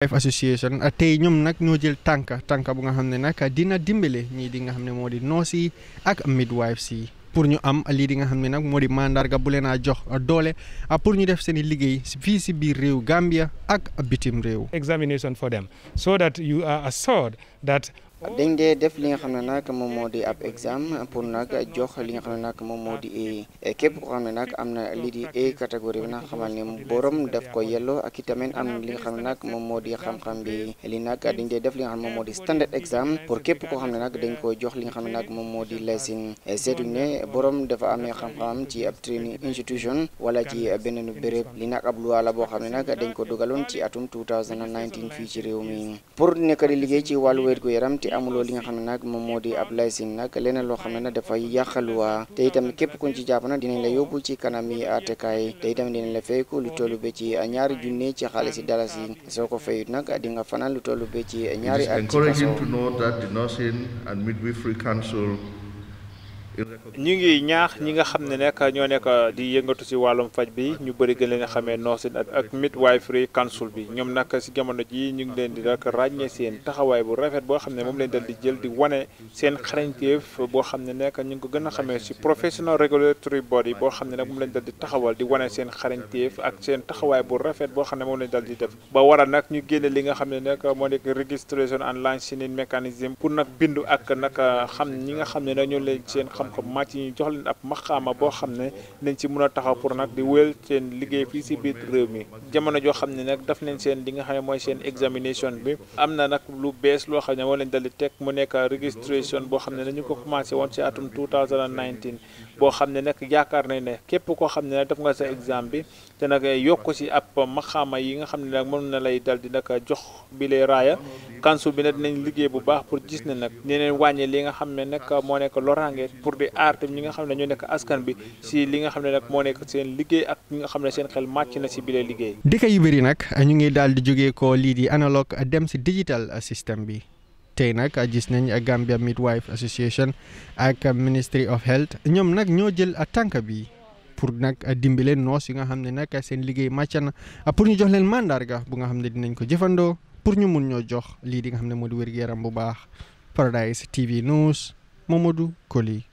Life Association ah, tey ñoom nag ñoo jël tànka tànka bu nga xam ne nag dina dimbale ñii di nga xam ne moo di nurse yi ak midwives yi pour ñu am lii di nga xam ne nag moo di mandarga bu leen a jox doole ah, pour ñu def seen i liggéey fii si biir réew Gambia ak bitim réew. examination for them so that you are assured that dañ dee def li nga xam ne nag moom moo di ab examen pour nag jox li xam ne nag moom moo di képp koo xam ne nag am na lii di e catégorie bi nag xamal ne borom daf ko yelloo ak itamit am li nga xam nag moom moo di xam bi li nag dañ dee def li nga xam ne moom moo di standard examen pour képp koo xam ne nag dañ ko jox li xam ne nag moom moo di lesin seetuñ ne borom dafa amee xam-xam ci ab training institution wala ci beneen béréb li nag ab loi la boo xam ne nag dañ ko dugaloon ci atum 2019 fii ci réew mi pour nekk di liggéey ci wàllu wér gu yaram te ci amuloo li nga xam ne nag moom moo di ab laysin nag leneen loo xam ne nag dafay yàqal te itam képp kuñ ci jàpp nag dinañ la yóbbul ci kanam yi àttekaay te itam dinañ la fay ko lu tollu ba ci ñaari junne ci xaalis yi dalasi soo ko fayut nag di nga fanaan lu tollu ba ci ñaari at ci kaso. It is encouraging to know that the Nursing and Midwifery Council ñu ngi ñaax ñi nga xam ne nekk ñoo nekk di yëngatu si wàllum faj bi ñu bëri gën a xamee Nursing ak Midwifery Council bi ñoom nag si jamono ji ñu ngi leen di rek ràññee seen taxawaay bu rafet boo xam ne moom leen dal di jël boo xam ne nekk ñu ngi ko gën a xamee si professional regulatory boo xam ne nag moom leen dal di taxawal di wane seen xarañteef ak seen taxawaay bu rafet boo xam ne moom leen dal di def ba waral nag ñu génne li nga xam ne nag moo nekk registration and licensing mechanism pour nag bindu ak nag xam ñi nga xam ne nag ñoo leen seen xam ko màcc ñu jox leen ab maxaama boo xam ne nañ ci mën a taxaw pour nag di wéyal seen liggéey fii si biir réew mi jamono joo xam ne nag daf leen seen li nga xam ne mooy seen examination bi am na nag lu ne moo leen dal di teg mu nekk boo xam ne dañu ko commencé woon si atum 2019 boo xam ne nag yaakaar nañ ne képp koo xam ne nag def nga sa exam bi te nag yokk si ab maxaama yi nga xam ne nag mën na lay dal di nag jox bi lay raaya kansul bi nag dinañ bu baax pour gis ne nag ñeneen moo nekk loraange pour bi ar tam ñi nga xamne ne nek askan bi ci li nga xamne nak mo nek seen liggey ak ñi nga xamne seen xel match na ci bile liggey dika yu bëri nak ñu ngi dal di joge ko li di analog dem ci digital system bi. tay nak gis nañ Gambia Midwife Association ak Ministry of Health ñom nak ñoo jël tank bi pour nak dimbale noos yi nga xam nak nag seen liggéey màcc na pour ñu jox leen mandarga bu nga xam dinañ ko jëfando pour ñu mëno jox li di nga xam modi moo di yaram bu baax Paradise TV News Momodou Koli.